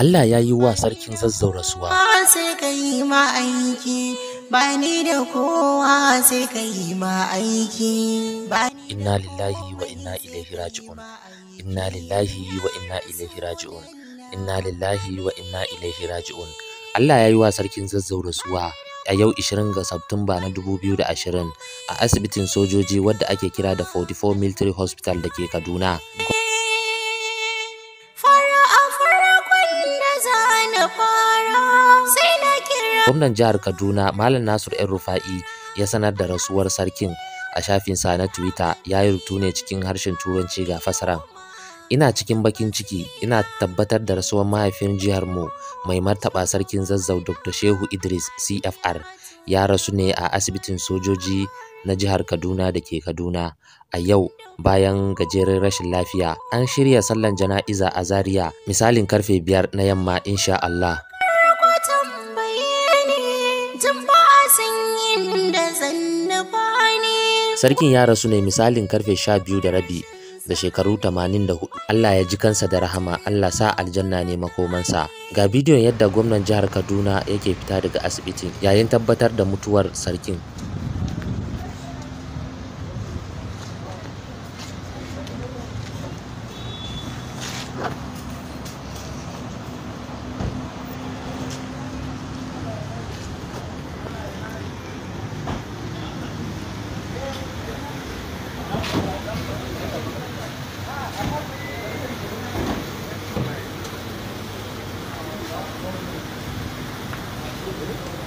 Allah ya yi wa sarkin zazzau rasuwa. Sai ka yi ma aiki, ba ni da kowa sai ka yi ma aiki. Inna lillahi wa inna ilaihi raji'un. Inna lillahi wa inna ilaihi raji'un. Inna lillahi wa inna ilaihi raji'un. Allah ya yi wa sarkin zazzau rasuwa a yau 20 ga Satumba na 2020 a asibitin sojoji wadda ake kira da 44 Military Hospital da ke Kaduna. Gwamnan jihar Kaduna Malam Nasir ‘yan Rufa'i ya sanar da rasuwar sarkin a shafinsa na Twitter ya yi rubutu ne cikin harshen Turanci ga fasaran. Ina cikin bakin ciki ina tabbatar da rasuwar mahaifin jiharmu mai martaba sarkin zazzau Dr. Shehu Idris CFR ya rasu ne a asibitin sojoji na jihar Kaduna da ke Kaduna. A yau bayan gajeren rashin lafiya an shirya sallan jana'iza a Zaria misalin karfe biyar na yamma insha Allah. sarkin ya rasu ne misalin karfe sha biyu da rabi da shekaru 84 Allah ya ji kansa da rahama Allah sa aljanna ne makomansa ga bidiyon yadda gwamnan jihar Kaduna yake fita daga asibitin yayin tabbatar da mutuwar sarkin Thank you.